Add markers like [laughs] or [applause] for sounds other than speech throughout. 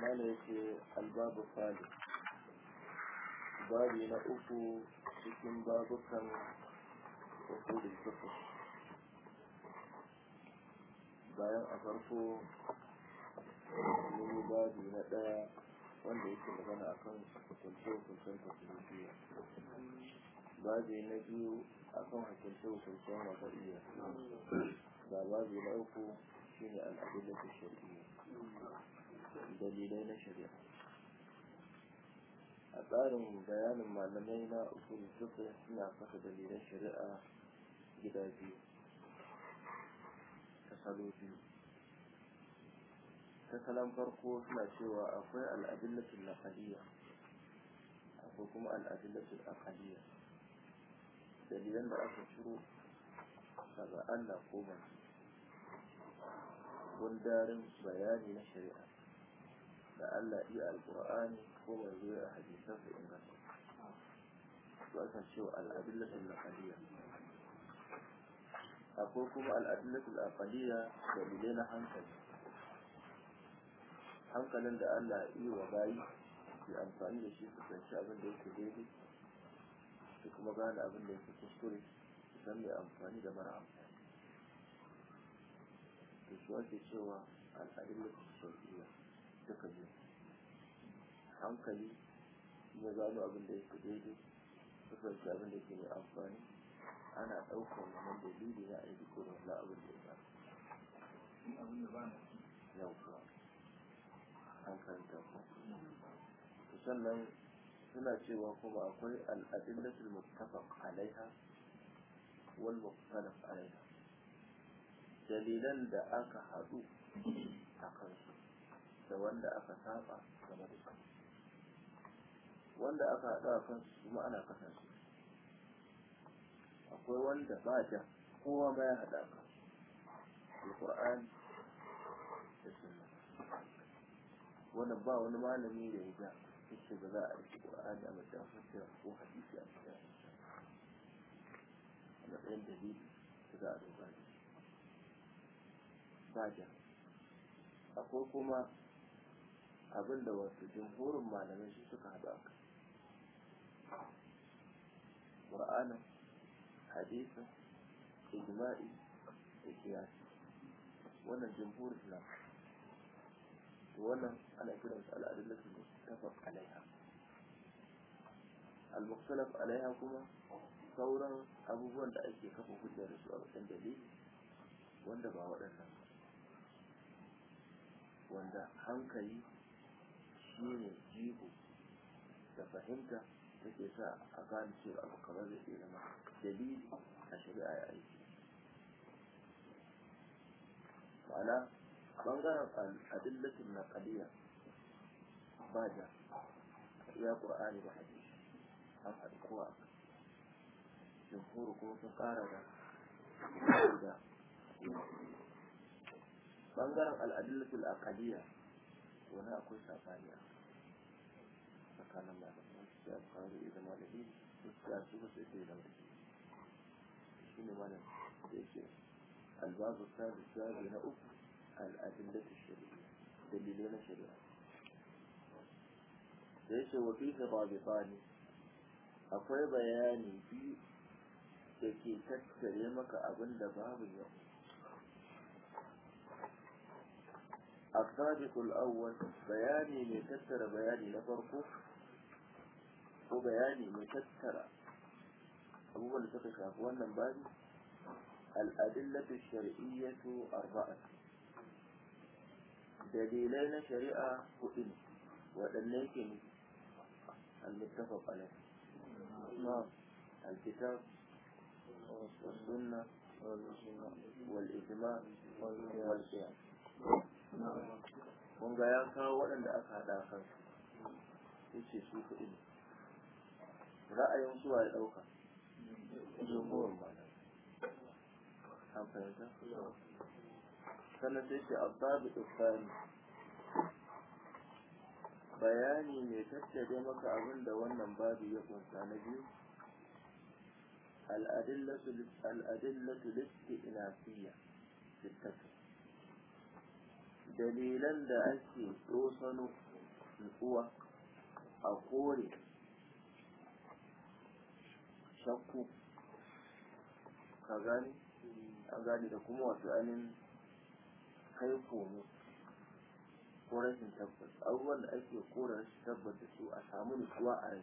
mana yake albabu fali babi na uku cikin babukan usulul fiqh bayan a farko mun babi na ɗaya wanda yake magana akan hukunce hukuncen tafsiriyya babi na biyu akan hukunce hukuncen wadariya da babi na uku shi ne al'adun da shari'a dalilai na shari'a a tsarin bayanin malamai na usul fiqh suna fasa dalilan shari'a gida biyu ta salo biyu ta salon farko suna cewa akwai al'adillatul naqaliyya akwai kuma al'adillatul aqaliyya dalilan da aka ciro daga Allah ko ba gundarin bayani na shari'a da Allah iya alqur'ani ko zai ya hadisan su inganta su aka cewa al'adillatul naqaliyya akwai kuma al'adillatul aqaliyya dalilai na hankali hankalin da Allah iya wa bayi ke amfani da shi su tsanci abin da yake daidai su kuma gane abin da ya fi kuskure su san mai amfani da mara amfani da shi ake cewa al'adillar sauƙiya duka biyu hankali ya gano abin da ya fi daidai su fahimci abin da ke mai amfani ana ɗaukar wannan dalili na aiki ko da abin da ya fi yau kuwa hankali ta kuma sannan suna cewa kuma akwai al'adillatul muttafaq alaiha wal mukhtalaf alaiha dalilan da aka haɗu a kansu da wanda aka saba game da su wanda aka haɗu a kansu kuma ana kasance akwai wanda ba ja kowa ba ya haɗa ka alƙur'ani da sunna wannan ba wani malami da ya ja yace ba za a rike Qur'ani a matsayin fassara ko hadisi a matsayin a matsayin dalili da za a duba shi ba akwai kuma abin da wasu jimhurin malamai su suka haɗu a kai ƙur'anin hadisin ijma'i da kiyasi wannan jimhurin na wannan ana kiransa al'adun lafi muktafaq alaiha kuma sauran abubuwan da ake kafa hujjar da a wajen dalili wanda ba waɗannan wanda hankali shi ne jigo da fahimta take sa a gane cewa abu kamar zai iya dalili a shari'a ya aiki ma'ana ɓangaren adillatin naƙaliya ba ya qur'ani da hadisi an haɗu kowa jumhur ko sun ƙara da da bangaren al'adillatul akaliya wani akwai safaniya tsakanin malamai su ya faru idan malami su ya su ba sai yi da mutum shi ne malam da yake albazu sabi sabi na uku al'adillatul shari'a dalilai na shari'a da yake wafi sababifani akwai bayani biyu da ke tattare maka abin da babu yau السابق الأول بياني مكسر بياني نفرقه وبياني مكسر أبوه اللي تقشف وانا مبادي الأدلة الشرعية أربعة دليلين شريعة فئن وأنيك المتفق عليه نعم الكتاب والسنة والإجماع والقيام kun ga ya kawo waɗanda aka haɗa kan su ce su kuɗi ne ra'ayin suwa ya ɗauka jumhurin malam an fahimta sannan sai ce abba bi tsari bayani mai tattare maka abin da wannan babu ya kunsa na biyu al'adillatu ina inafiya sittatu dalilan da ake tsosano nutsuwa a kore shakku ka gani an gani da kuma wasu anin kai ne. ko rashin tabbas abubuwan da ake kora rashin tabbas da su a samu nutsuwa a rai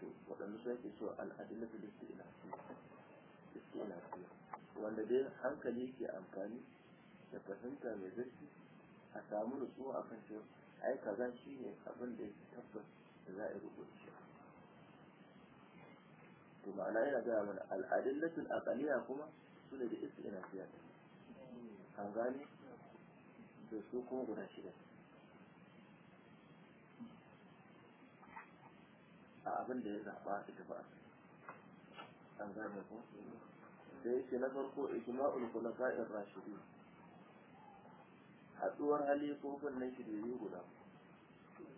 to waɗanda su ake so al'adilatu da su su wanda dai hankali ke amfani da fahimta mai zurfi a samu nutsuwa a kan cewa ai kaza shi ne abin da yake tabbas da za a yi rubuta to ma'ana yana gaya mana al'adillatul a kuma su ne da istilafiya an gane to su kuma guda shida a abin da ya zaɓa su tafi a an gane ko da yake na farko ijma'ul khulafa'ir rashidin haɗuwar halifofin na shirye guda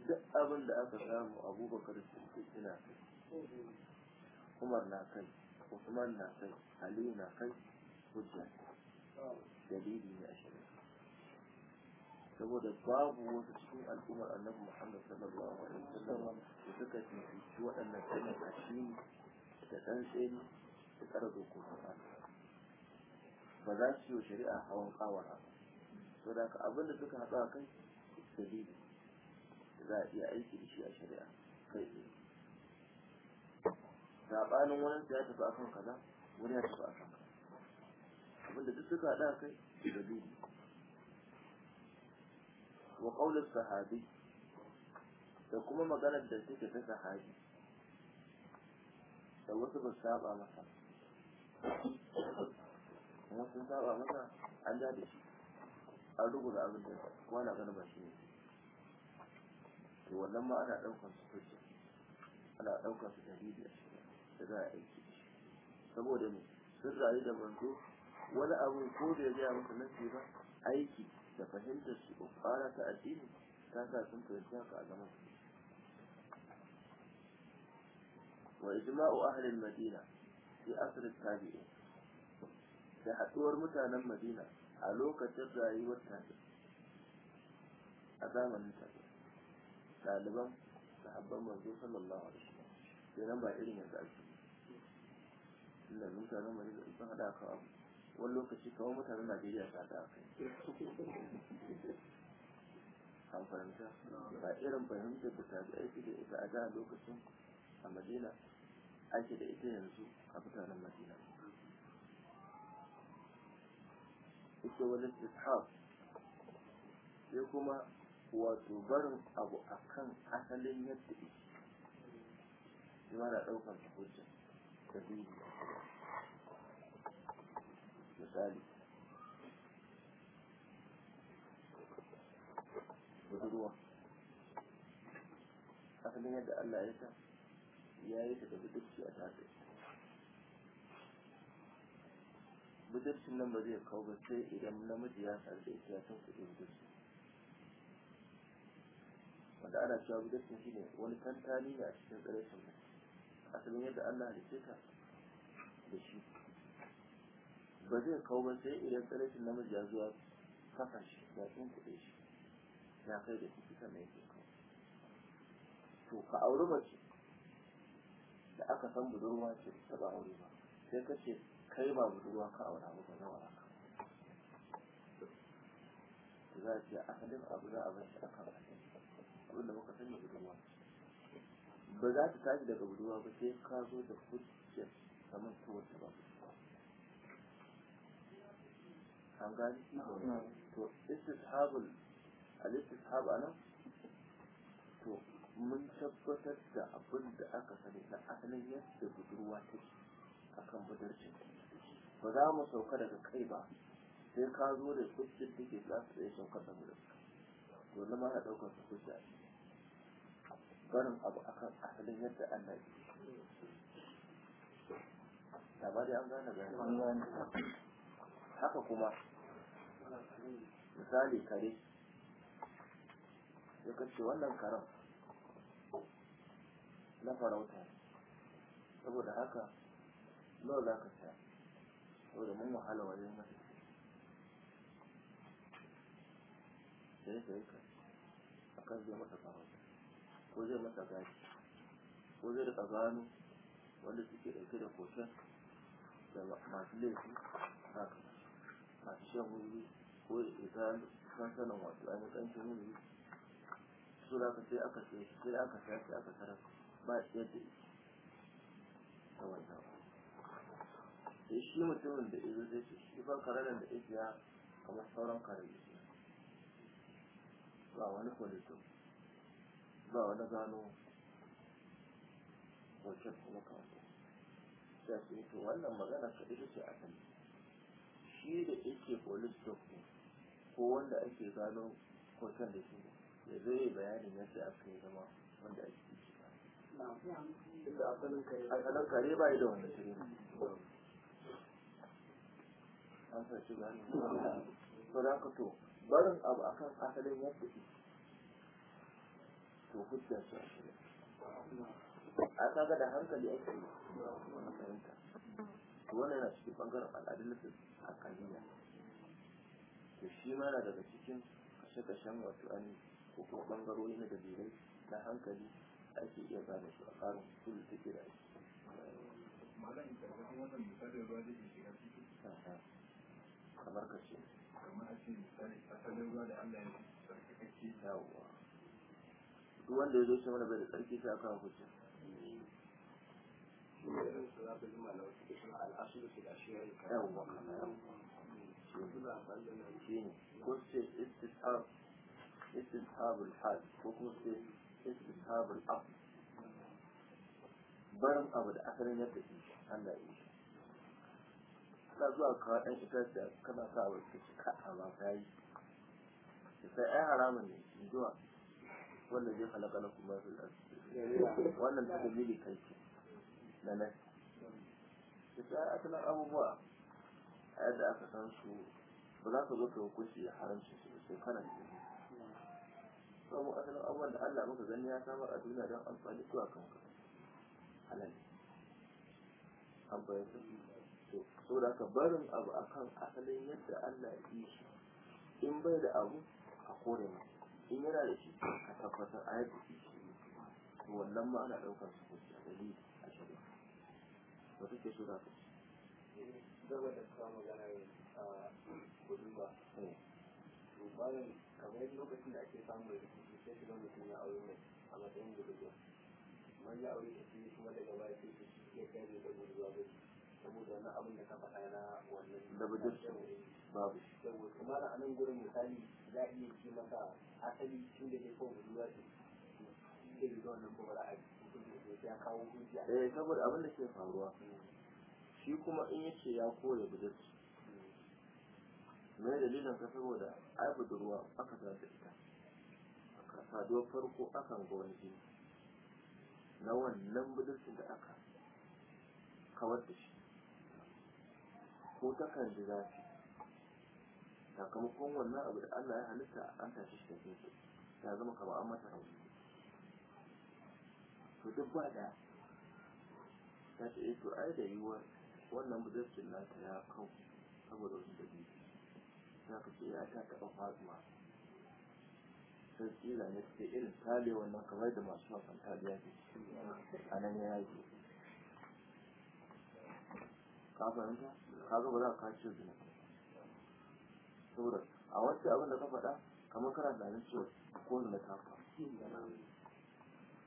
duk abin da aka samu abubakar siddiq ina kai umar na kai usman na kai ali na kai hujja dalili ne a shirya saboda babu wasu cikin al'ummar annabi Muhammad sallallahu alaihi wasallam da suka fifici waɗannan sanin addini da ɗan tsere da tsara dokokin Allah ba za su yi wa shari'a hawan kawara so da abin da suka haɗu a kai dalili za a iya aiki da shi a shari'a kai tsaye saɓanin wani ya tafi akan kaza wani ya tafi akan kaza abin da duk suka haɗu a kai dalili wa qaulus sahabi da kuma maganar da suke ta sahabi da wasu ba saba masa kuma sun saba masa an da shi an da abin da kuma na ganin ba shi ne to wannan ma ana ɗaukar su kuce ana ɗaukar su dalili da za a aiki saboda ne sun rayu da manzo wani abu ko da ya gaya masa nasi ba aiki da fahimtar su ƙwara ta addini ta sa sun fahimci haka a zaman wa ijma'u ahlil madina fi asr tabi'in da haɗuwar mutanen madina a lokacin rayuwar tabi a zamanin tabi ɗaliban sahabban manzo sallallahu alaihi wasallam sai nan ba irin yanzu ake inda mutanen madina sun haɗa ka abu wani lokaci kawai mutanen najeriya ta ta an fahimta ba irin fahimtar da ta tabi aiki da ita a da lokacin a madina ake da ita yanzu a mutanen madina ita wani tishaf sai kuma wato barin abu a kan asalin yadda ita shi na ɗaukar hukuncin da biyu misali budurwa asalin yadda Allah ya sa ya yi ta da budurci a tafi budurcin nan ba zai kawo ba sai idan namiji ya sarfe ita ya san kuɗi budurci wanda ana cewa budurcin shi ne wani tantani ne a cikin tsare shi asalin yadda Allah ya ce ta da shi ba zai kawo ba sai idan tsarashin namiji ya zuwa kafa shi ya kuɗe shi ya kai da ciki sannan yake kawo to ka auri mace da aka san budurwa ce ta ba aure ba sai ka ce kai ba budurwa ka aura ba ba zawa ka za a ce asalin abu za a bashi a kan abin da muka sanya budurwa ba za ta tashi daga budurwa ba sai ka zo da hujjar saman ta wata ba an gani to istishabul al-istishab anan to mun tabbatar da abin da aka sani na asalin yadda budurwa ta take akan budurcin ba za mu sauka daga kai ba sai ka zo da kuskure take za su iya sauka da budurka to na mana daukar su kuskure barin abu akan asalin yadda Allah ya ba da an gane gane haka kuma misali kare ya kace wannan karen na farauta saboda haka nawa za ka sha saboda mun wahala wajen mata sai sai ka kan zai masa farauta ko zai masa gashi ko zai rika gano wanda suke ɗauke da koshin da masu laifi haka masu shan wuri ko da ke ta sansanin wato an yi ƙanshin wuri su da aka sai aka sai sai aka sai aka sarar ba shi yadda ta wanda sai shi mutumin da izo zai ce shi ba kararen da ya kamar sauran karare ba wani kwalito ba wani gano hoton kuma kawo sai su yi to wannan magana ka ita ce a kan shi da yake police ko wanda ake gano hoton da shi ya zai bayanin yadda aka yi zama wanda ake ciki asalin kare ba da wanda shi an sa shi gani to da ka to barin abu akan asalin yadda shi to hujja shi a kaga da hankali ake yi wannan yana cikin bangaren al'adun a kaliya to shi ma na daga cikin kashe-kashen wato an ko kuma bangarori na dalilai na hankali ake iya gane su a tsarin kulu ta da shi. Malam ita wannan misalin ruwa da ke shiga ciki. Kamar ka ce. Kamar a ce misali asalin ruwa da Allah ya sarkakakke. Yawwa. Duk wanda ya zo shi mana bai da tsarki sai aka hau ya yi yi za shi shi da hukunci. Yawwa. Yawwa. ne, ko ce istishab istishabul hal ko kuma ce istishabul ab barin abu da asalin ya tafi Allah ya yi ka zuwa kawo ɗan da kana sa wa ka ci ka a maka yi sai ai haramun ne zuwa wannan zai halaka na kuma su wannan ta dalili kai ce da nan sai asalin abubuwa a da aka san su ba za ka zo ka hukunci da haramci su sai kana da mu. saboda asalin abubuwan da Allah muka gani ya samar a duniya don amfani zuwa kanka halal an bayyana to saboda haka barin abu akan asalin yadda Allah ya yi shi in bai da abu a kore mu in yana da shi ka tabbatar a yadda shi to wannan ma ana ɗaukar su a dalilin a shari'a ba take so za ka ci zama da suka maganar kudin ba to bayan kamar lokacin da ake samun rikici sai shiga mutum ya aure mai a matsayin gudunwa kamar ya aure ta fiye kuma daga baya sai su ke kai ne da gudunwa ba saboda wani abin da ka faɗa na wannan da budurcin babu yawo kuma a nan gurin misali za a iya ce maka asali tun da ke kawo gudunwa ce ke yi da wannan kuma ra'ayi ya kawo hujja eh saboda abin da ke faruwa hmm. shi kuma in yace ya kore budurci mai dalilin ka saboda ai budurwa aka za ta ita aka saduwar farko akan ga wani jini na wannan budurcin da aka kawar da shi ko kan ji zafi sakamakon wannan abu da Allah ya halitta an tashi shi da su ya zama kama an mata haushi to duk ba da ta ce eh, to ai da yiwuwar wannan budurcin nata ya kau saboda wasu dabi za ka ce ya ta taɓa fatima sai tsira ne suke irin tale wannan kamar da masu wasan taliya ke a nan ya yi ka fahimta ka ga za ka kace zina saboda a wacce abin da ka faɗa kamar kana da nan cewa ko na ta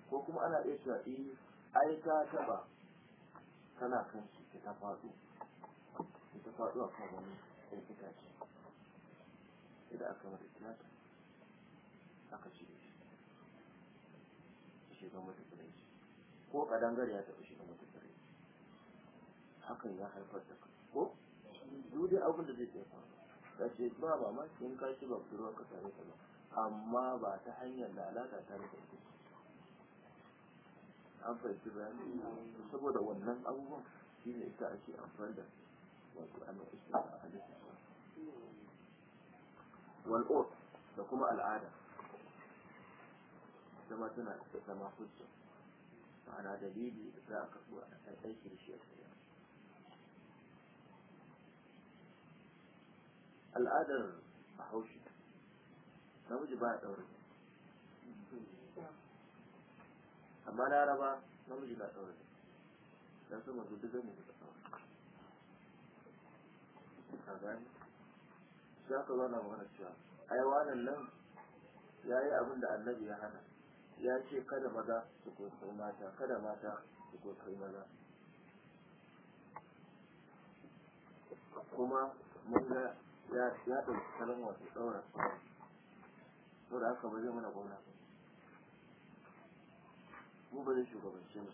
ko kuma ana iya cewa eh, ai ta taɓa kana kan shi sai ta faɗo sai ta faɗo a kan wani ɗan itace sai da aka mata itace aka ci da shi shiga mata shi, ko ƙadangare ya taɓa shiga mata tsirai hakan ya haifar da ko duk dai abin da zai iya faru da ce ba ba ma in ka ci ba budurwar ka tare ta ba amma ba ta hanyar lalata ta rufe ita an fahimci bayani saboda wannan abubuwan shi ne sa ake amfani da wato ana isa a hadisin sa wal'ur da kuma al'ada zama tana da zama hujja ma'ana dalili da za a kasu a aiki da shi a tsaye al'adar a haushi namiji ba ya ɗaure amma laraba namiji na ɗaure don su mazu duk zai da kasa a gani shi aka zauna magana cewa ai wannan nan ya yi abin da annabi ya hana ya ce kada maza su kosayi mata kada mata su kosayi maza kuma mun ga ya ɗauki kalan wasu ɗaura sau da aka ba zai mana gwamna mu ba zai shugabance mu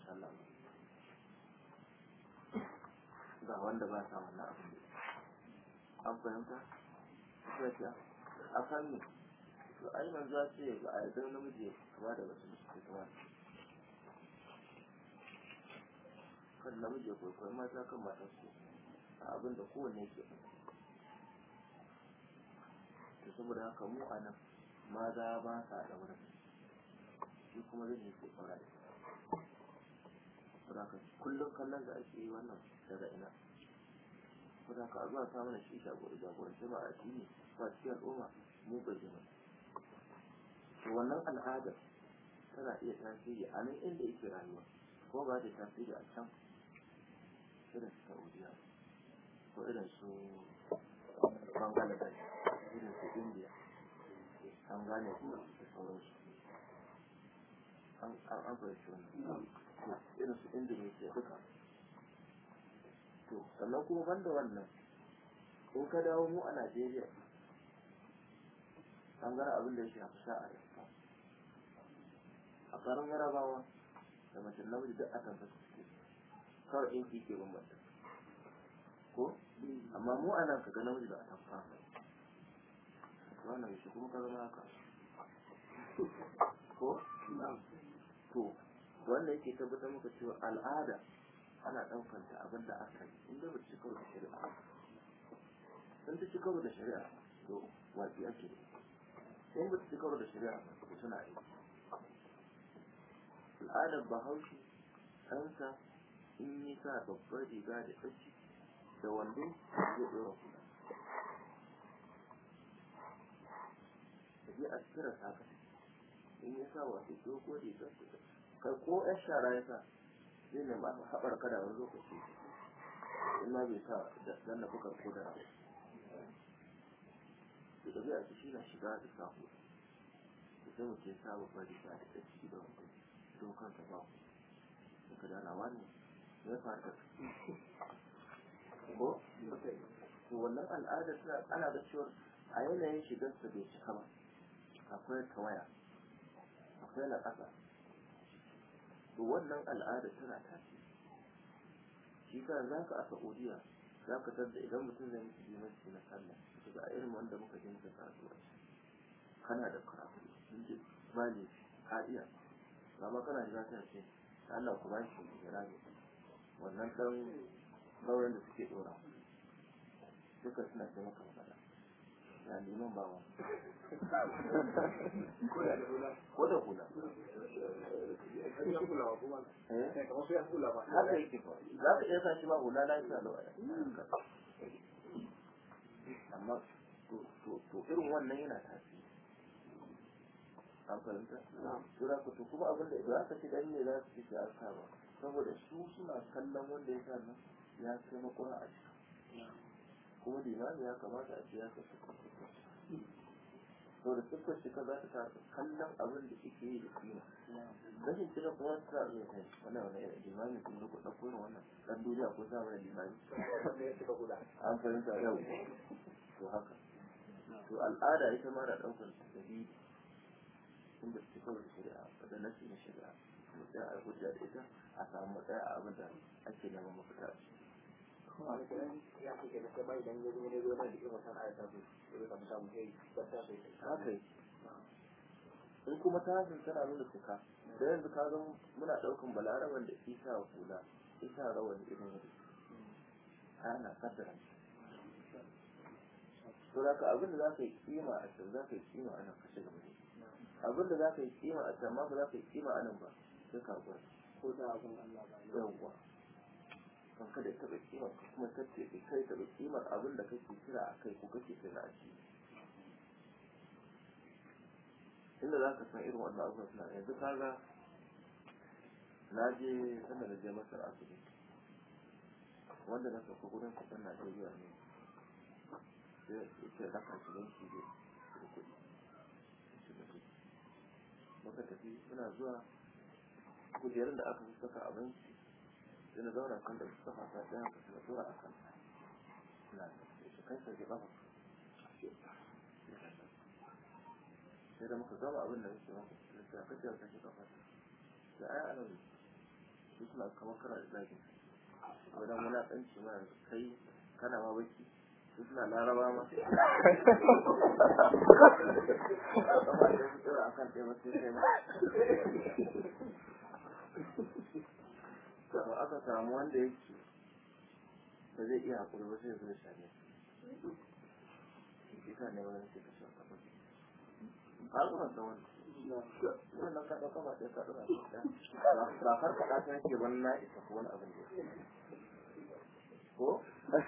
ba wanda ba sa wannan abin an fahimta sai ta a kan ne to ai manzo za ce ga a yarda namiji kama da wasu suke kuma kan namiji ya kwaikwayi mata kan su a abin da kowanne ke Ta saboda haka mu a nan maza ba sa da wurin shi kuma zai yi ke kwarai. Saboda haka kullum kallon da ake yi wannan daga ina ko da ka zuwa ta mana shi jagora jagorance ba a cikin ba cikin al'umma mu ba jima to wannan al'adar tana iya tasiri a nan inda yake rayuwa ko ba ta tasiri a can irin su saudiya ko irin su bangladesh irin su india an gane su da sauransu an fahimci wannan irin su indonesia duka to sannan kuma banda wannan ko ka dawo mu a najeriya an gara abin da ya shafi sa'a da ta a karin yarabawa da mace namiji duk akan fasa suke kawai in kike ke bambanta ko amma mu a nan ka ga namiji da a tafa mai wannan shi kuma ka zama haka ko to wanda yake tabbatar muka cewa al'ada ana ɗaukar ta abin da aka yi inda ba ci karo da shari'a sun ta ci karo da shari'a to wafi ake in ba ci karo da shari'a ba suna yi. al'adar bahaushe ɗansa in yi sa babbar riga da ɗaci da wando zai ɗora kula ya a ta ka in yi sa wasu dogo riga kai ko 'yan shara ya sa shi ne masu haɓar kada wani lokaci in ma bai sa da ɗan na bukar ko da rabu da ɗabi a ciki na shiga da sahu da sai mutum ya saba bari ta da ɗan ciki da wani don kansa ba ku da ka dana wani ya fata ko to wannan al'adar suna ana da cewar a yanayin shigar shigarsa bai cika ba akwai kawaya akwai na ƙasa to wannan al'ada tana tashi shi ka za ka a saudiya za ka tarda idan mutum zai mutu limanci na sallah ka ga irin wanda muka jinka kasuwa kana da karatu sun ce ba ne ka iya kana da zata ce Allah ku ba shi ne rage wannan dan gauran da suke dora duka suna ce maka magana na liman ba wani ko da hula haka yake ba za ka iya sa shi ba hula lafiya da waya amma to irin wannan yana tafi. an fahimta to za ku kuma abin da za ka ci dan ne za su ci an saba saboda su suna kallon wanda ya sa ya kai makura a ciki kuma limami ya kamata a ce ya kasu to da siffar shi za ta ta kallon abin da suke yi da kuma. rashin cire kuma ta sa kai wannan wani irin limami kun zuku ɗauko ne wannan ɗan duniya ko za mu mana limami an fahimta yau to haka to al'ada ita ma da ɗaukar sahihi inda su kawai shari'a da nasi na shari'a mu tsaya a hujja da ita a samu matsaya a abin da ake neman mafita a ciki in kuma ta hasin tana nuna suka da yanzu ka zama muna ɗaukan balaraban da isa kula isa da irin yadda ana kaddara to da ka abin da za ka yi kima a can za ka yi kima a nan ka shiga mutum abin da za ka yi kima a can ma ba za ka yi kima a nan ba sai ka gwada ko da abin Allah ba yawwa don kada taba bai kimar kuma ta ce kai taba bai kimar abin da kake kira a kai ko kake kira a ci inda za ka san irin wannan abubuwan suna yanzu kaga na je sanda da je masar asibiti wanda na sauka gudun na najeriya ne sai ya ce na kan shigan shi da kuɗi muka tafi suna zuwa kujerun da aka fi saka abinci sai na zauna kan da su kafa ta ɗaya su na tura a kan na shi kai sai gaba sai da muka zama abin da ya ce Sai da ta kace ta shi kafa ta da ai ana su suna kamar kana da lafiya wadan wulaƙanci mana kai kana ma baki su suna laraba ma a kan ɗaya masu sai ma gaba aka samu wanda yake ba zai iya haƙuri ba zai zai same shi ne wani sai ka shi kafa har kuma ta wani wannan ka ɗauka ba sai ka ɗauka ba har ka ɗauka yake wani na isa ko wani abin da ko to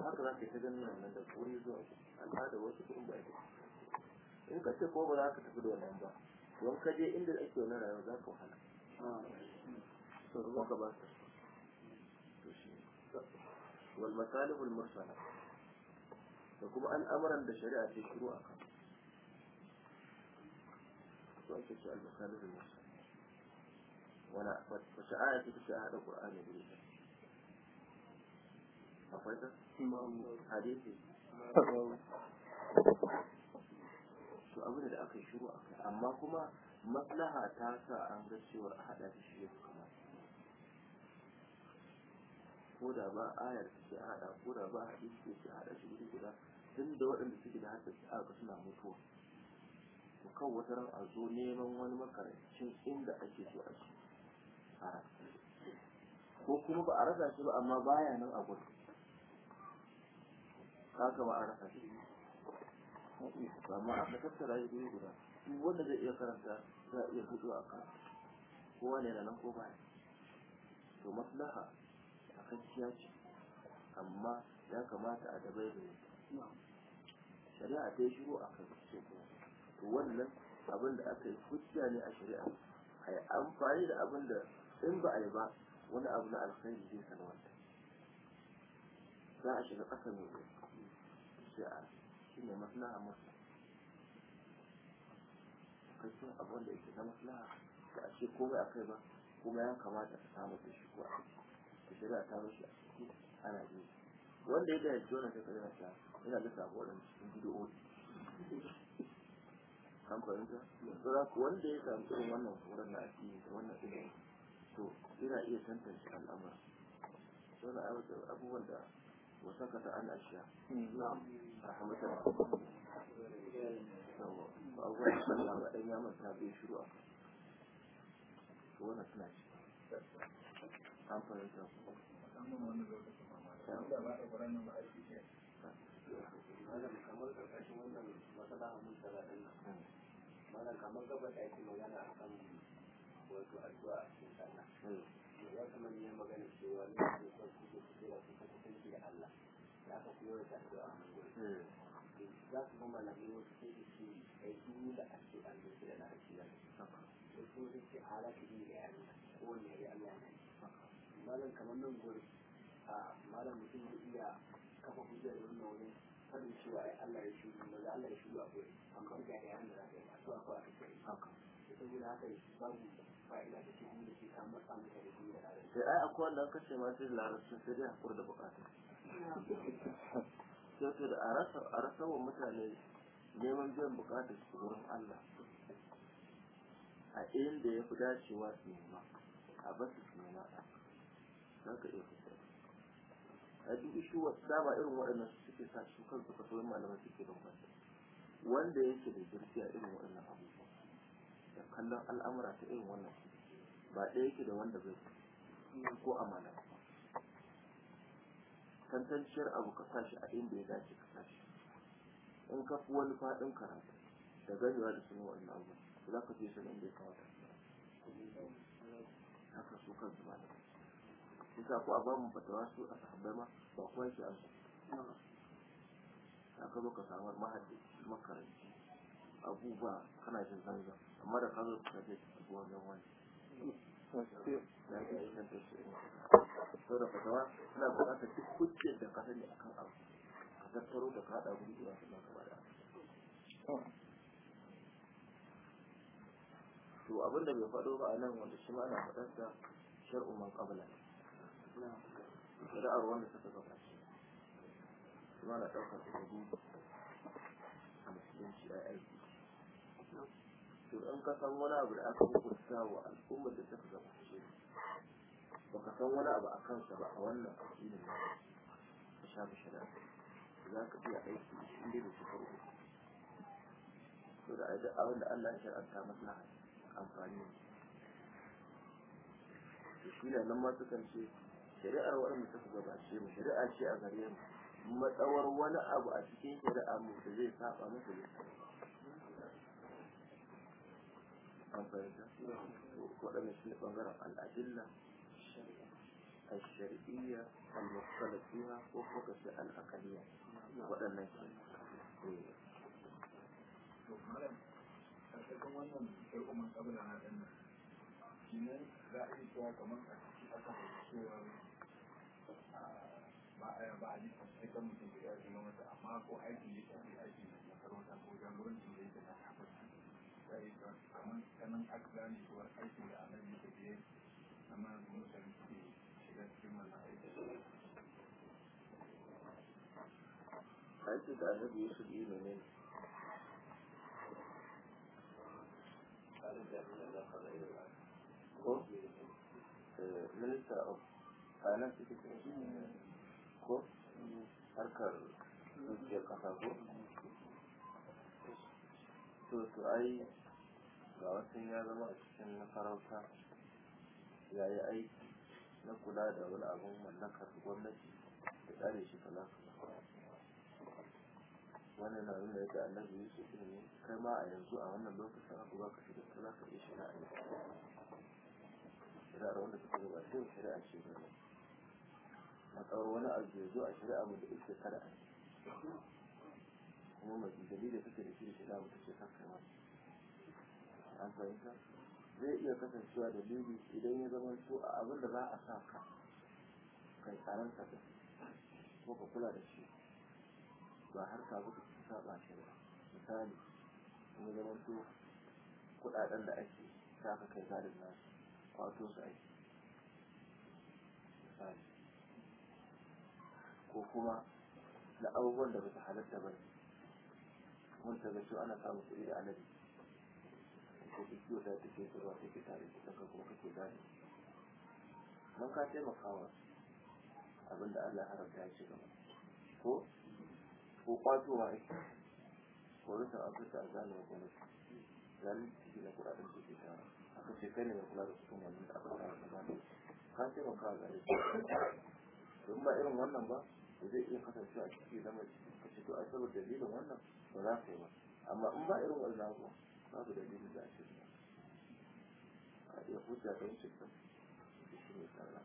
haka za ka ta ganin wannan da kuri zuwa al'ada wasu kuɗin ba ita in ka ce ko ba za ka tafi da wannan ba don ka je inda ake wani rayuwa za ka wahala وقبات والمطالب المرسلة da kuma al'amuran da shari'a ta shiru a kan su ake ce al-bukhari da musa wala wace aya ce take hada qur'ani da ita akwai ta hadisi to abin da aka shiru a kai amma kuma maslaha ta sa an ga cewa a haɗa da shi ya kuma ko da ba ayar su ke haɗa ko da ba hadisi ke ke haɗa shi wuri guda tun da waɗanda suke da haka su aka suna mutuwa to kan wata ran a zo neman wani makarancin inda ake so a shi ko kuma ba a rasa shi ba amma baya nan a gudu kaka ba a rasa shi amma aka tattara shi guda wanda zai iya karanta za iya hudu a kan kowa ne da nan ko ba to maslaha a kaciya ce amma ya kamata a dabai da shari'a ta yi shigo a kan ce to wannan abin da aka yi hujja ne a shari'a a yi amfani da abin da in ba a yi ba wani abu na alkhairi zai salwanta za a shiga ƙasa mai sai a shi ne maslaha masu cikakken abu wanda yake na maslaha da a ce komai a kai ba kuma ya kamata a samu da shi ko a da shari'a ta mashi a cikin ana yi wanda ya da yanzu ta kare ta yana da sabuwar cikin bidiyoyi an fahimta to za ku wanda ya samu irin wannan horon na yi da wannan ilimin to yana iya tantance al'amura yana aiwatar abubuwan da وسكت عن أشياء نعم رحمة الله su abubuwan da Allah ya manta bai shiru a kan to wannan suna ci an kamar ƙarƙashin wannan matsala a mun nan kamar gaba da ake magana a kan wato addu'a a cikin sallah ya kamar magana halatihi da ya Allah ne malam kamar nan gurin a malam mutum ya iya kafa hujjar wannan wajen faɗin cewa ai Allah ya shudu ba za Allah ya a yaran da za ka yi a su akwai a kai haka haka babu da ke da ke da sai ai akwai wanda aka ce ma sai larabci sai dai hakuri da bukata [laughs] sai da a rasa wa mutane neman biyan bukatar su wurin Allah a inda ya fi dacewa su nema a ba su nema za ka iya fitar a duk ishi wa ba irin waɗannan su suke sa su kan su kasuwar malamai suke bambanta wanda yake da jirgi a irin waɗannan abubuwa da kallon al'amura ta irin wannan su, ba ɗaya yake da wanda bai ko amana tantanciyar abu ka sashi a inda ya dace ka sashi in ka fi wani faɗin karatu da ganewa da sunan waɗannan abubuwa za ka je su nan bai kawata haka su kan su malamai su sa ku a bamu fatawa su a sahabbai ma ba kuma yake an su ka zo ka samar mahaddi makaranci abubuwa kana jin zanzan amma da ka zo ka je su wajen wani saboda fatawa suna buƙatar duk hujjar da ka sani akan abu ka tattaro da ka haɗa guri da wasu ba ka ba da to abin da bai faɗo ba a nan wanda shi ma ana faɗarsa shar'u man qabla da'ar wanda suka gabace shi ma na ɗaukar ɗabi a musulunci a aiki to in ka san wani abu da aka hukunta wa al'ummar da suka ba ka san wani abu a kansa ba a wannan addinin ba ka sha bi shari'a za ka iya aiki inda da su farko to da abin da Allah ya shar'anta maslaha amfani da shi ne nan ma sukan ce shari'ar waɗanda suka gabace mu shari'a ce a gare mu matsawar wani abu a cikin shari'a mu da zai saba masa da an fahimta waɗanda shi ne ɓangaren al'adilla waɗannan eh. cikin wannan al'ummar kabila na ɗan nan za a yi cewa kamar a ciki aka cewa ah, ba a yaba a jikin mutum da ya mata amma ko aiki ya shafi aiki na makarauta ko da za a yi kamar aka gane aiki da annabi na mutane shiga cikin wannan aiki aiki da annabi sha uku a nan suke ko harkar dukiyar kasa ko to to ai ga wasu ya zama a cikin farauta ya yi aiki na kula da wani abin mallakar gwamnati da tsare shi kala wannan na nuna yadda annabi yusuf ne kai ma a yanzu a wannan lokacin abu ba ka shiga kala ka shiga aiki shari'ar wanda suka zuba sai shari'ar ce ne matsawar wani abu ya zo a shari'a mu da ita shari'a kuma mafi dalili da suke da shi da shari'a mu ta ce kan kama an fahimta zai iya kasancewa dalili idan ya zama so a abin da za a sa ka kai tsaron ka ko ka kula da shi ba har ka buka su saba shari'a misali kuma zama so kuɗaɗen da ake sa ka kai zarin nasu kwato su aiki misali ko kuma na abubuwan da ba su halatta ba mun ta ga ana samun kuɗi da alabi ko ta kiwo ta take su ba take tare da kanka kuma kake gane don ka taimakawa abin da Allah haramta ya ci gaba ko ko kwatowa aiki ko rufe abin da a zanen gwamnati ciki na kuɗaɗen take tara aka ce kai ne mai kula da su wannan da aka fara da zai ka ce maka ga don ba irin wannan ba da zai iya kasancewa a ciki zama ka ce to a saboda dalilin wannan ba za ka yi ba amma in ba irin wannan ba babu dalilin da a ce a iya hujja don cikin shi ne tsara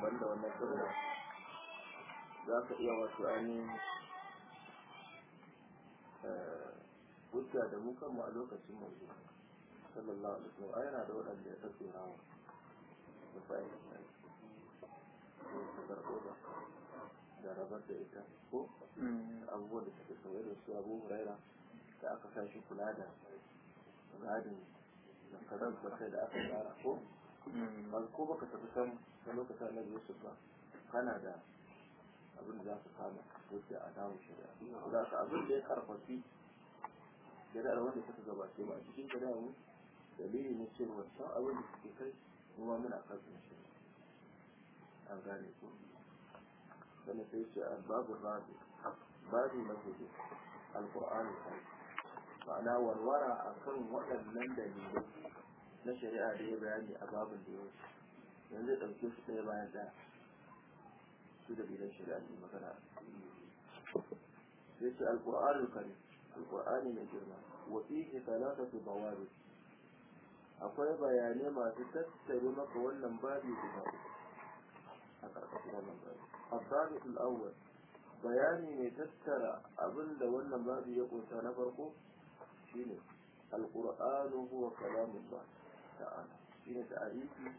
banda wannan tsirra za ka iya wasu ainihin Eh, hujja da mu kanmu a lokacin manzo sallallahu alaihi wasallam ai yana da wadanda ya tafi rawa da fa'ida sai su karɓo ba da rabar da ita ko mm. abubuwan da suka sauye da su abu huraira da aka sa shi kula da gadin da karan sai da aka tsara ko mm. ko baka tafi san da lokacin annabi yusuf ba kana da abin da za su kama wuce a dawo shari'a za ka abin da ya karfafi da wanda suka gabace ba a cikin shari'a mu dalili na wa wancan abin da suke kai kuma muna karfin shi A gane ku sannan sai ce babu rabi babu na hudu alkur'ani kai ma'ana warwara kan waɗannan dalilai na shari'a da ya bayani a babin da ya wuce yanzu ɗauke su ɗaya bayan ɗaya su da bidan shari'a ne magana Sai yace alqur'anul karim Alƙur'ani mai girma wa fihi thalathatu bawabi akwai bayanai masu tattare maka wannan babi guda a karkashin wannan babi الثالث الأول bayani mai tattara abin da wannan babu ya ƙunsa na farko shine alqur'anu huwa kalamullah ta'ala shine ta'arifi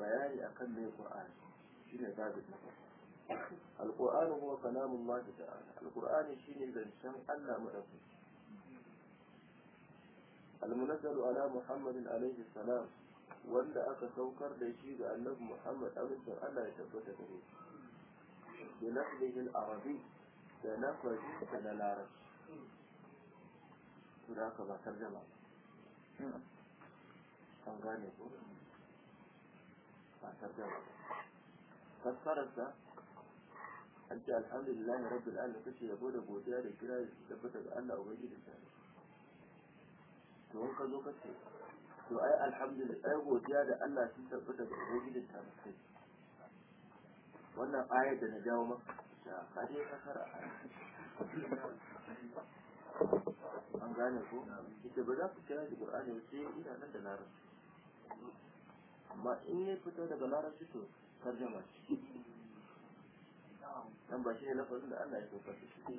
bayani akan mai qur'ani shine babu na farko alqur'anu huwa kalamullah ta'ala alqur'ani shine zancen Allah madaukaki المنزل على محمد عليه السلام wanda aka saukar da shi ga annabi Muhammad amincin Allah ya tabbata gare shi Da lafzihi al-arabi da lafzihi da na larabci to da ba tarjama an gane ko ba tarjama fassararsa an ce alhamdulillah rabbil alamin ce yabo da godiya da kira da shi tabbata ga Allah ubangiji ta to in ka zo ka ce to ai alhamdulillah ai godiya da Allah shi tabbata ga ubangiji ta sai wannan ayar da na jawo maka ta kaje ka fara an gane ko ita ba za ku kira da qur'ani sai ina nan da larabci amma in ya fito daga larabci to tarjama shi dan ba shi ne lafazin da Allah ya saukar da shi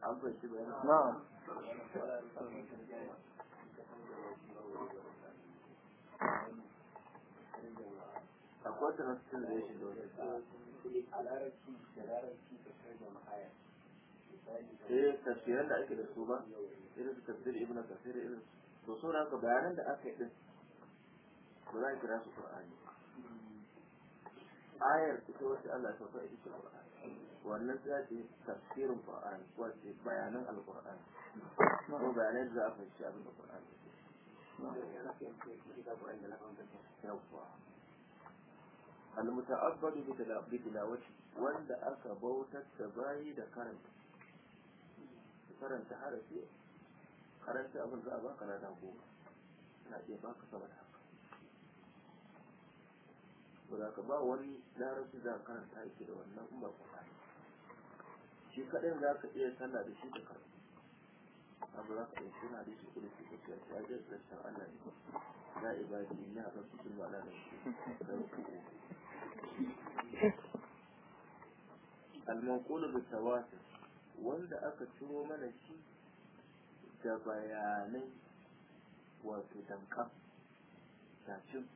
an fahimci bayan na'am akwai transition da ya shi da wani eh tafsirin da ake da su ba irin su tafsir ibn tafsir irin to sauran ka bayanan da aka yi din ba za a kira su qur'ani ayar ita wacce Allah ya sauka ita ce Qur'ani wannan za ta yi tafsirin Qur'ani wacce bayanan Al-Qur'ani ko bayanan za a fahimci abin da Qur'ani yawwa al-muta'abbadu bi tilawati wanda aka bautar da bayi da karanta karanta harafi karanta abin za a baka na goma na iya baka sama da ba ka ba wani larabci za ka karanta yake da wannan in ba kurani shi kaɗan za ka iya sallah da shi da karfi. abu za ka ɗauki na da shi kudu su kuka ya ta jin allah ne za a ibadi ne a kan su sun wala da shi almankulu da tawasa wanda aka ciro mana shi da bayanai wato dankan tacin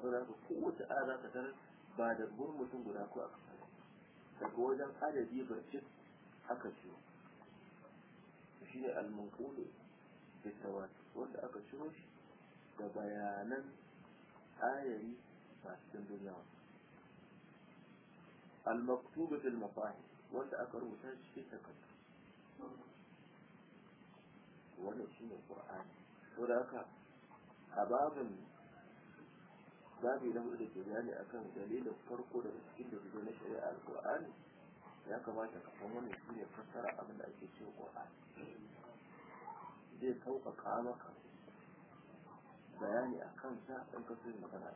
saboda haka kowace aya za ka tarar ba da gurin mutum guda ko aka fara daga wajen adadi barcin aka ciyo shi ne almankulu da tawat wanda aka ciro shi da bayanan ayari masu cikin yawa almaktubu fil mafahi wanda aka rubuta cikin takardu wannan shi ne qur'ani saboda haka a babin babi na hudu da ke bayani akan dalilin farko da cikin dalilai na shari'a alqur'ani ya kamata ka san wannan ne fassara abin da ake cewa qur'ani zai sauƙaƙa maka bayani a sa ɗan kasar magana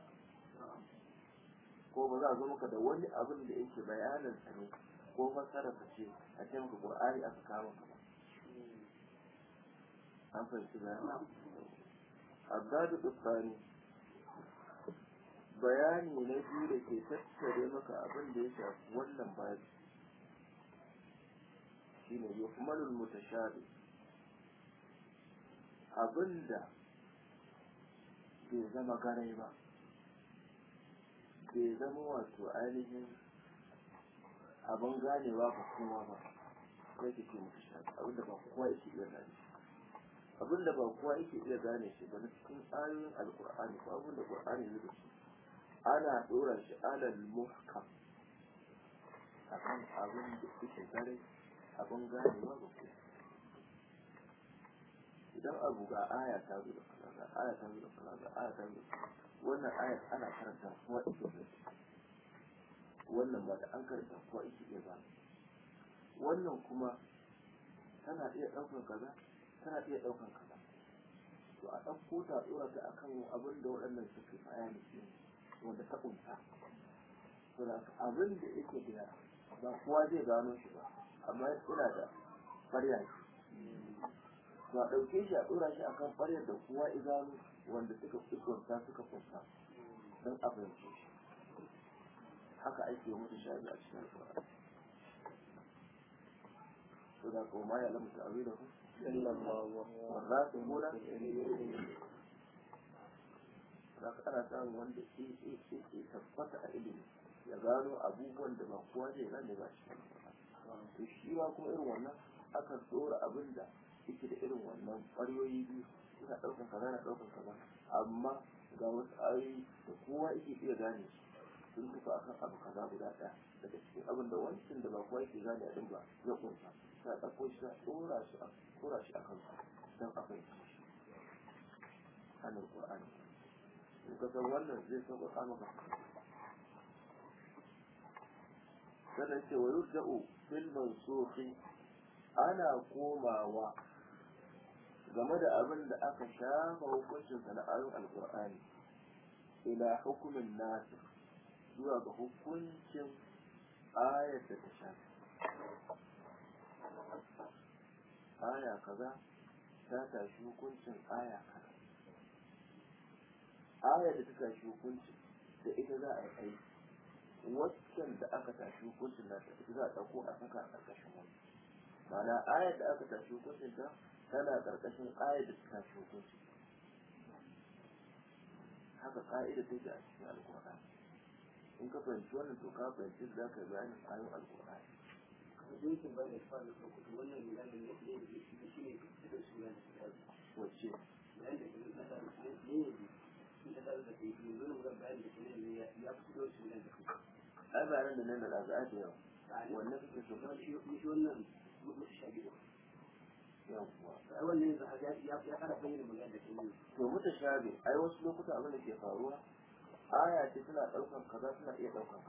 ko ba za a zo maka da wani abin da yake bayanin sa ne ko fassara ka ce a ce maka qur'ani aka kama ka ba an fahimci bayanin abdadu tsani bayani na biyu da ke tattare maka abin da ya shafi wannan babi shi ne ta mutashabi abin da bai zama garai ba bai zama wato ainihin abin ganewa ba kuma ba kai ke mutashabi abin da ba kowa yake iya gane abin da ba kowa yake iya gane shi ba na cikin ayoyin alkur'ani ko abin da kur'ani ne da shi ana dora shi alal muhkam akan abin da suke gare abin ganewa ba ku idan abu ga aya ta zo da aya ta zo da aya ta zo wannan aya ana karanta kuma ita ne wannan ba da an karanta kuma ita ne ba wannan kuma tana iya ɗaukan kaza tana iya ɗaukan kaza to a ɗauko ta tsora ta akan abin da waɗannan suke bayani ne wanda ta to da abin da yake da ba kuwa zai gano shi ba amma ina da ƙarya shi to a ɗauke shi a ɗora shi akan ƙaryar da kuwa ya gano wanda suka ta suka kunsa don abin shi haka ake mutu shari'a a cikin alƙur'ani To da ma ya lamu ta'awilahu illa Allah wa rasuluna za ka ana samun wanda ke tabbata a ilimi ya gano abubuwan da ba kowa zai gane ba shi to shi ma kuma irin wannan akan tsora abin da yake da irin wannan ƙwaryoyi biyu suna ɗaukan kaza na ɗaukan kaza amma ga wasu ayoyi da kowa yake iya gane sun tafi akan abu kaza guda ɗaya daga cikin abin da wancan da ba kowa yake gane a ɗin ba ya ƙunsa ta ɗauko shi ta ɗora shi a kan su don a fahimci shi. Hannun Ƙur'ani. in ka wannan zai sauƙaƙa maka sannan ce wa yurda'u fil mansuhi ana komawa game da abin da aka shafa hukuncin sana'arun alƙur'ani ila hukumin nasu zuwa ga hukuncin ayar da ta shafi aya kaza ta tashi hukuncin aya kaza ayar da ta tashi hukunci da ita za a yi da aka tashi hukuncin na ta za a ɗauko a saka a ƙarƙashin wani mana ayar da aka tashi hukuncin ta tana ƙarƙashin ayar da ta tashi hukuncin haka ƙa'ida take a cikin alƙur'ani in ka fahimci wannan to ka fahimci za ka yi bayanin ayon da wacce ai ba ran da nan da za a da yawa wannan suke so kuma shi wannan mutu shabi wannan ya fara bayyana magana da kuma to mutu shabi ai wasu lokuta abin da ke faruwa aya ce tana ɗaukar kaza tana iya ɗaukar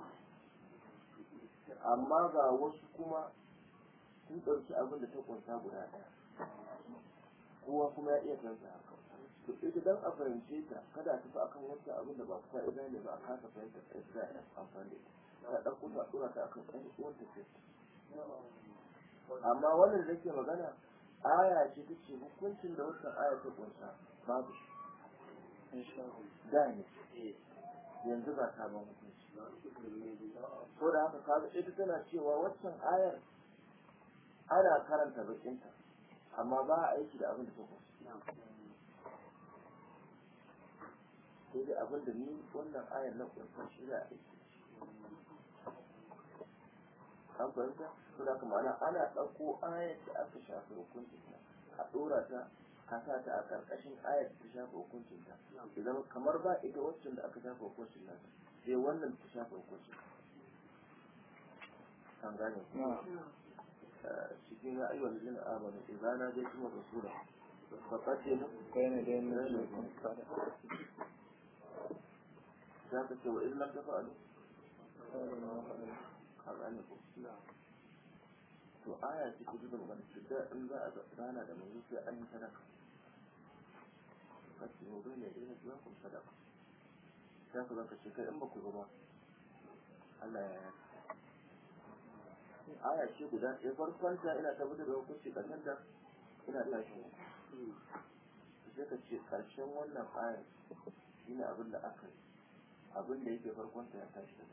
amma ga wasu kuma sun ɗauki abin da ta ƙunsa guda ɗaya kowa kuma ya iya kansa haka to ita dan a fahimce ta kada a tafi akan wata abin da ba ku fa'ida ne ba a kasa fahimta ta yadda a yi amfani da ta ɗauko ta tura ta akan ɗan uwan ta ce amma wannan da ke magana aya ce ta ce hukuncin da wata aya ta ƙunsa babu da ne yanzu ba sabon hukunci so da haka kaga ita tana cewa waccan ayar ana karanta bakinta amma ba a aiki da abin da ta ƙunsa sai dai abin da ni wannan ayar na kunsa shi ne a aiki an fahimta su da kuma ana ɗauko ayar da aka shafi hukuncinta, a ɗora ta ka sa ta a ƙarƙashin ayar da ta shafi hukuncinta, idan kamar ba ita waccan da aka shafi hukuncin sai wannan ta shafi hukuncin kan gane eh, cikin ra'ayyar jin amanu izana zai kuma rasula فقدموا كان دائما Za aka ce wa in lam tafa'alu ne gane ko to aya ce ku duba magana ce da in za a rana da manzo sai an yi sadaka kace mu dole ne da zuwa kun sadaka Ya ku zaka ce kai in ba ku zo Allah ya yi aya ce guda ɗaya farkon ta ina tabbatar da hukunci ƙarshen da ina tashi sai ka ce ƙarshen wannan aya shine abin da aka yi abin da yake farkon ta ya tashi da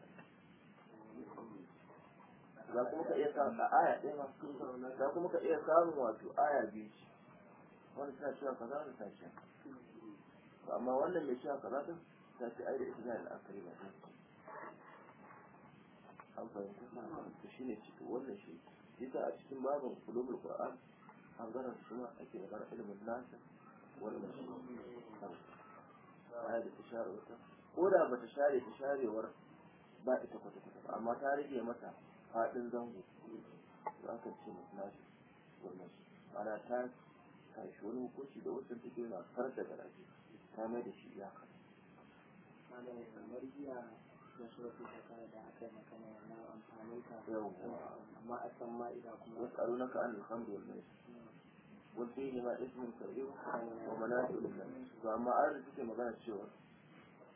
za kuma ka iya samun aya ɗaya ma za kuma ka iya samun wato aya biyu Wani ta cewa kaza wanda ta ce amma wannan mai cewa kaza ta ta ce ai da ita za a la'akari ba an fahimta ta shi ne ciki wannan shi ita a cikin babin kulubul qur'an an gara su ma ake magana ilimin nasa wannan shi aya da ta share wata ko da bata share ta sharewar ba ita kwata kwata amma ta rage mata faɗin zango za ka ce mu na shi wannan shi ana ta kashi wani hukunci da wasu take na far da garaje ta mai da shi ya kamar jiya da suratun shekara da aka yi makana na amfani ka amma a san ma ina kuma wasu aro na ka'an alhamdulillah wasu yi ma ismin karbi wa mana su amma an rikice magana cewa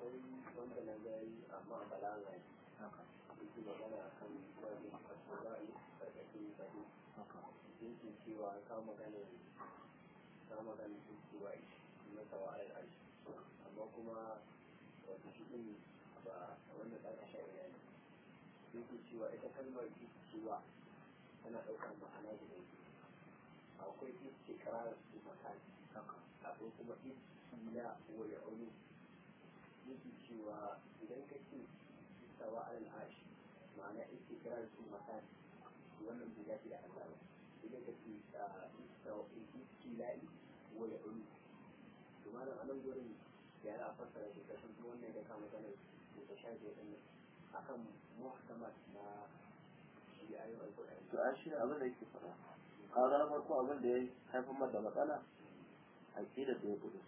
akwai wanda na gari amma balaga ne cikin magana a kan wajen kasu ra'ayi karkashin gari yake cewa ka magana ka magana sun cewa na sawa al'arshi amma kuma wata cikin ba wanda ta kashe ina ne yake cewa ita kalmar cewa tana ɗaukar ma'ana da yake akwai iske karar su makani akwai kuma iske na wani lillahi wa ya dun to malam anan gurin ya na fassara shi ka san wannan da kama kana ta shafe din akan muhkamat na to a abin da yake fara kaga na farko abin da ya haifar mata matsala aqida da ya gudu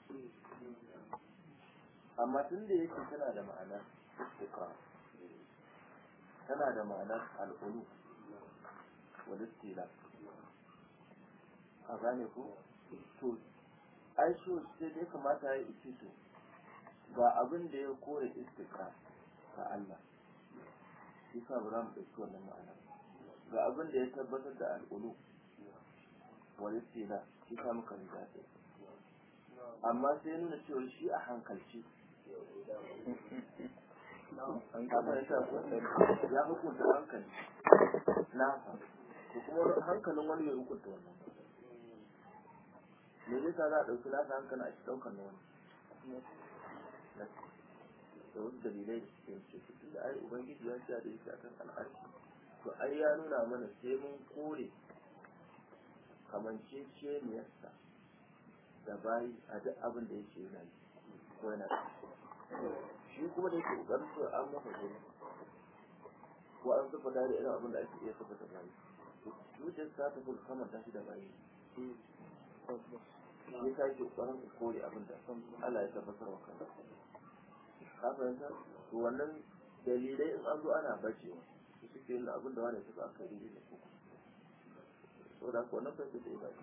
amma tun da yake tana da ma'ana istiqa tana da ma'ana al'ulu wa listila a gane ku? to ai so sai dai kamata ya yi su. ga abin da ya kore istiqa ga Allah shi sa ba za mu ɗauki wannan ma'ana ga abin da ya tabbatar da al'ulu wani tsira shi sa muka riga ta. amma sai nuna cewa shi a hankalci ya hukunta hankali na ko hankalin wani ya hukunta wannan me yasa za a ɗauki lasa hankali a shi ɗaukar nono da wasu dalilai da suke ce su da ai ubangiji ya ce da yake a kan al'arki to ai ya nuna mana sai mun kore kamance kamanceceniyarsa da bayi a duk abin da yake yana yi ko yana shi kuma da yake ƙoƙarin so an masa gani ko an sufa da irin abin da ake iya sufa da bayi zuciyar ta tafi kamar ta shi da bayi Ka sake kwarin ka kore abin da Allah ya tabbatar wa kanka ka fahimta to wannan dalilai in an zo ana bacewa su suke yin abin da wani suka aka yi da So, da haka wannan fahimta da ya bace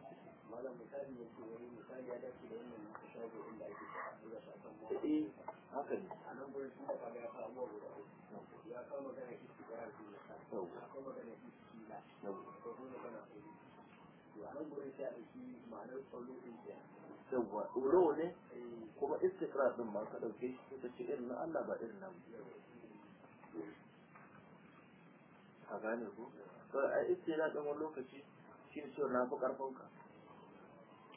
malam misali ya ce wani misali ya dace da wannan shago inda ake da eh haka ne a nan gurin tun da kaga ya kawo mawa guda ya kawo magana shi ya kawo magana shi ya kawo magana shi yawwa tsoro ne eh, kuma istikrar din ma ka ɗauke shi ta ce irin na Allah ba irin nan a gane ko to a istira ɗin wani lokaci shi ne na fi ƙarfin ka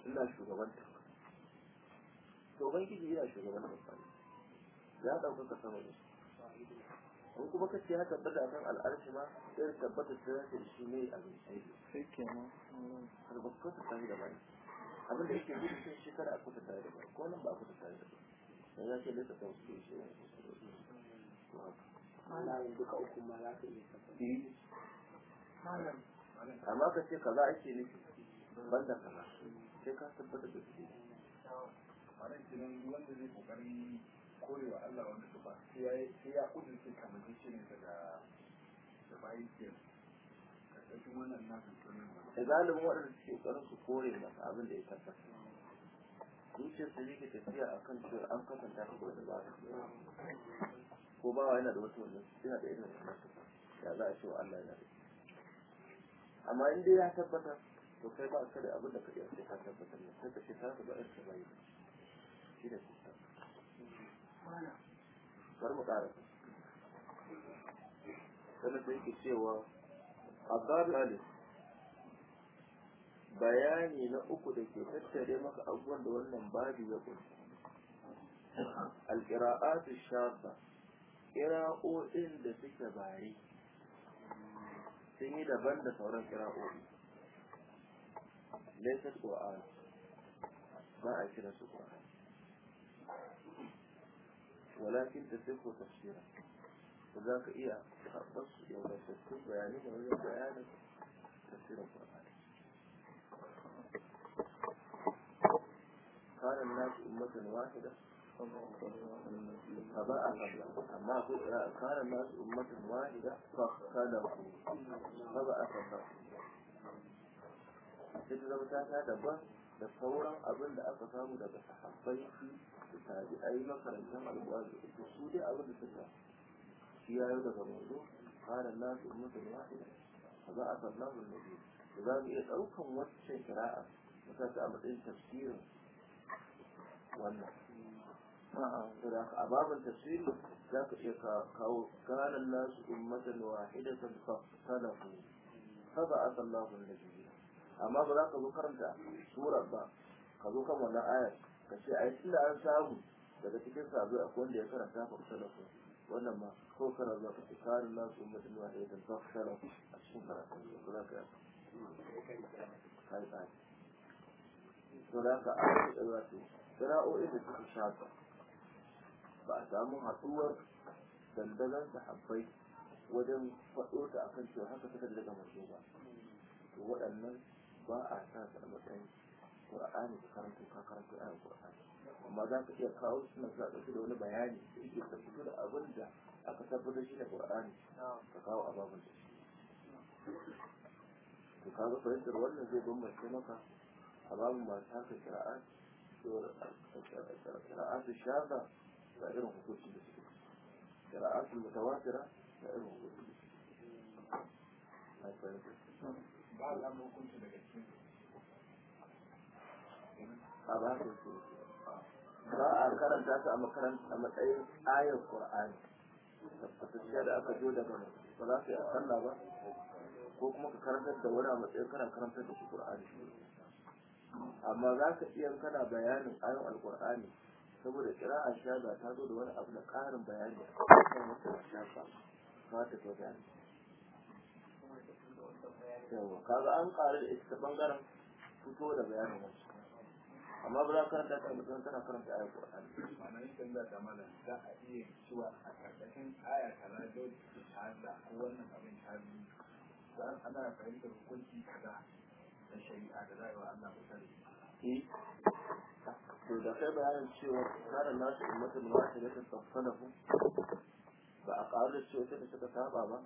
ina shugabanta to ban kiji ina ya ka sama ne ko kuma ka ce ya tabbata kan al'arshi ma sai ka tabbata sai ya shi ne a bisai sai kenan har ba ku da bai abin da yake gudu sai shekara a kuta tare da bai ko nan ba a kuta tare da bai sai ya ce shi ne malamin duka uku ma za ka iya tabbata eh. amma kaza sai ka tabbata da shi wanda korewa Allah wanda wani tufa sai ya kudurce kamar shi ne daga da bayi ke karkashin wannan nasu sunan da zalibin waɗanda suke ƙarar su kore masa abin da ya tabbata ce su yi ke tafiya a kan cewa an kasanta ta da ba ko ba wa yana da wata wannan yana da irin wannan tufa ya za a ce wa Allah yana da amma in dai ya tabbata to kai ba ka da abin da ka iya sai ka tabbatar ne sai ka ce ta ba irin ta bayi shi ne kusa bari cewa bayani na uku da ke tattare maka abubuwan da wannan babu ya kunshi alƙira'atu shafa ƙira'o'in da suke bari sun yi daban da sauran ƙira'o'i laifin ƙwa'ani ba a kira su ولكن تسيبه تفسيرا وذاك إياه بس يوم تفسير بيانين ولا بيانك تفسير القرآن كان الناس أمة واحدة فباء قبله أما كان الناس أمة واحدة فاختلفوا فباء قبله إذا لم تفعل da sauran abin da aka samu daga sahabbai da tabi'ai makarantar alƙawari da su dai abin da suka shi ya yi daga mazo kare nasu mutum a za a sallahu nabi da za mu iya ɗaukan wacce kira'a da ta a matsayin tafsirin wannan A a babin tafsirin za ka iya kawo kana nasu ummatan wahidatan fa salahu fa ba a sallahu amma ba za ka zo karanta surar ba ka zo kan wannan ayar ka ce ai tunda an samu daga cikin sabu a wanda ya karanta fa ku? wannan ma ko kana zuwa ka ce karin na su mutum wa ya tanta fa salafu a cikin karatu za ka yi kai kai to da ka a cikin karatun sana'o'in da suka shafa ba a samu haɗuwar dandazon sahabbai wajen faɗo ta akan cewa haka suka daga mace ba waɗannan ba a sa su a matsayin Qur'ani ka karanta ka karanta ayan Qur'ani amma za ka iya kawo suna za ka da wani bayani da yake ka fito da abin da aka tabbatar shi da Qur'ani ka kawo ababen da shi to ka ga fahimtar wannan zai bambance maka a babin masu haka shara'a shara'a su shafa da irin hukunci da suke shara'a su mutawatira da irin hukunci da suke. Ba za mu hukunci daga a ba su su ba a karanta su a makaranta a matsayin ayar qur'ani tabbatacciya da aka jo daga ba za su yi a sallah ba ko kuma ka karantar da wani a matsayin kana karantar da shi qur'ani amma za ka iya kana bayanin ayon alkur'ani saboda kira kira'a shaga ta zo da wani abu na ƙarin bayani a kan wata shafa ba ta ta gani yawa kaga an ƙara da ita ta bangaren fito da bayanin wasu amma ba za ka karanta ta mutum tana karanta ayar Qur'ani ma'ana yin kan da mana za a iya cewa a karkashin aya ta rajo ta da wannan abin ta bi dan ana fahimtar hukunci kaza da shari'a da za a wa Allah mutane. sani eh, to da kai bayanin cewa tsarin nasu ummatu mun wata da ta ku. ba a ƙaru da cewa ta suka saba ba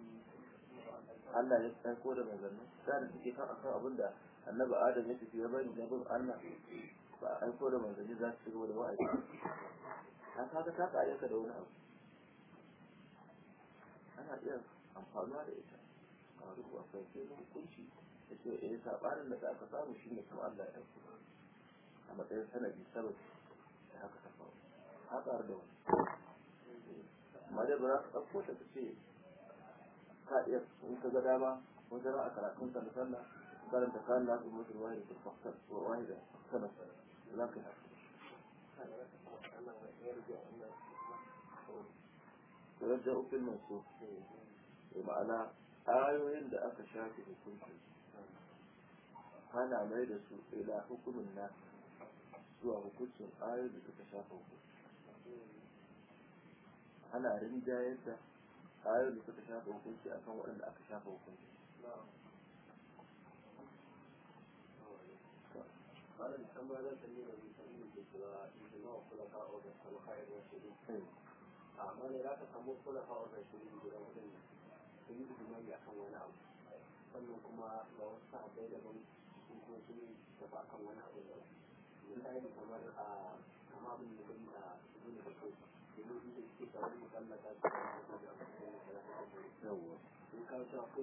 Allah ya ko da zanne tsarin suke kan akan abin da annabi Adam ya tafi ya bari da bin Allah ba a aiko da manzanni za su cigaba da wa'azi ta kaga ta ka ayyuka da wani abu ana iya amfanuwa da ita a duk wasan ke da hukunci da ce eh sabanin da aka samu shi ne kuma Allah ya ɗauki a matsayin sanadi sababi da haka ta faru haƙar da wani amma dai ba za ka ɗauko ta ce ka iya in ka ga dama wajen a karatun sallah sallah karanta kayan lafi mutum da faktar wahida sanata za ka yarda ukul masu da eh, ma'ana ayoyin da aka shafi hukunci hana mai da su ila hukumin na zuwa hukuncin ayoyin da suka shafi hukunci ana rinjayar da ayoyin da suka shafi hukunci akan waɗanda aka shafi hukunci قال الحمد لله سليم في سبيل الخلفاء الراشدين لا الخلفاء الراشدين بلا سيد ونعم da misali kamar a kama abin da kai a cikin da kai domin da suke tare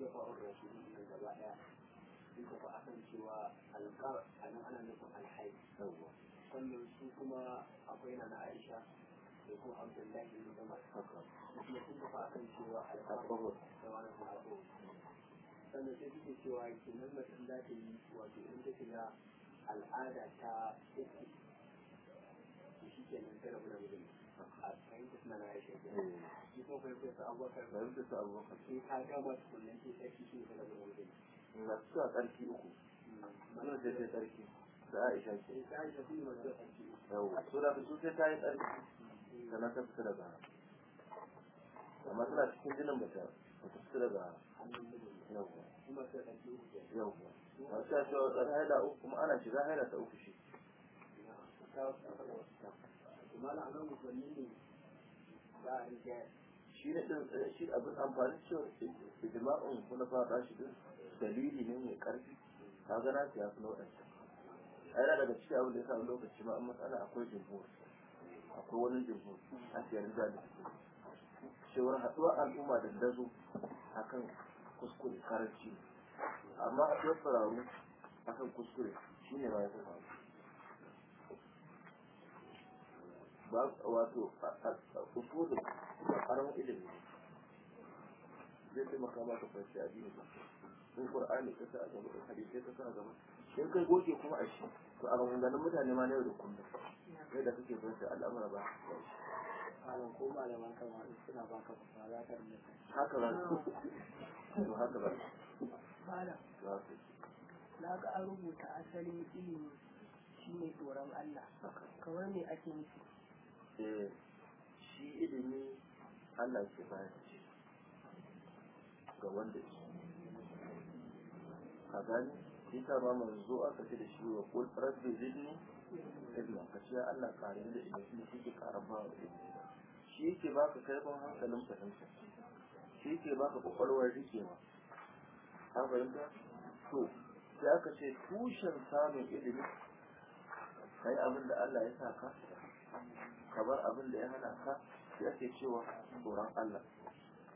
da Allah ta sun cewa alƙar a nan ana nufin alhai sannan su kuma akwai na aisha da kuma abdullahi da zama kuma sun a cewa alƙar da wani ma'abu sannan sai suke cewa mutum za ta yi wato in ta shiga al'ada ta shi suna na aisha su abubakar gama shi ne masu cewa tsarki uku suna da ta tsarki da aisha ce yawa eh, su da su sai ta yi tsarki da na ta da daga amma suna cikin jinin ba ta fita daga yawa yawa masu cewa cewa tsar haila uku kuma ana shiga haila ta uku shi shi ne ɗin eh, shi abin amfani cewa ijma'un kuna fara shi din dalili ne mai karfi ka gana su ya fi na a yana daga cikin abin da ya samu lokaci ma'an matsala akwai jimhur akwai wani jimhur a siyar da da cewar haɗuwa al'umma da dazu a kan kuskure karanci amma a ɗaya fararu a kan kuskure shi ne ma ya a wato a kusurin a ƙaramin ilimin zai taimaka maka a jini ba in qur'ani ka sa a gaba hadisi ka sa in kai goge kuma a shi to a maganganun mutane ma na yau da kullum yadda kake zuwa da al'amura ba malam ko malaman kan wani suna ne haka ba to haka ba malam na ga an rubuta asalin ilimi ne tsoron Allah kamar me ake nufi eh, shi ilimi Allah ke bayar ga wanda shi a gani shi ta ba zo a ce da shi wa kul rabbi zidni ilma ka ce Allah kare da ilmi shi ne kike karaba shi yake baka kaifin hankalin fahimta shi yake baka kwakwalwar ma ka fahimta to sai aka ce tushen samun ilimi kai abin da Allah ya sa ka ka bar abin da ya hana ka sai ake cewa tsoron Allah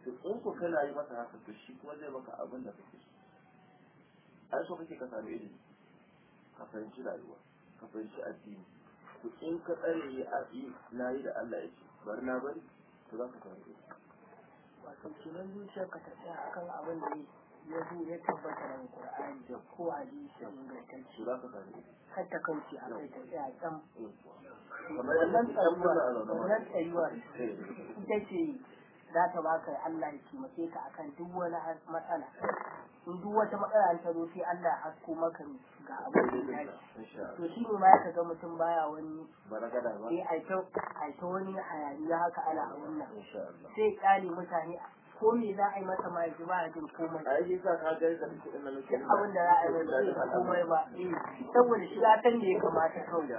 to in ku kana yi maka haka to shi kuma zai maka abin da kake so ai so kake ka samu ilimi ka fahimci rayuwa ka fahimci addini to in ka tsare yi a yi na yi da Allah ya ce bari na bari to za ka samu ilimi wato kenan zuciya ka ta tsaya akan abin da ya zo ya tabbata da Qur'ani da ko hadisi ingantacce za ka samu ilimi har ta kauce a kai ta tsaya tsam wannan tsayuwa eh. ita ce za ta baka ya Allah ya taimake ka akan duk wani matsala in duk wata matsala ta zo sai Allah ya hasko maka ga abin da ya to shi ne ma ka ga mutum baya wani sai a ta a ta wani hayaniya haka ala abun nan. sai kyale mutane ko me za a yi masa ma yaji ba a jin komai a yi sa ka ga da kuɗin nan ke abin da za a yi masa ba komai ba eh saboda shi ya san da ya kamata kawai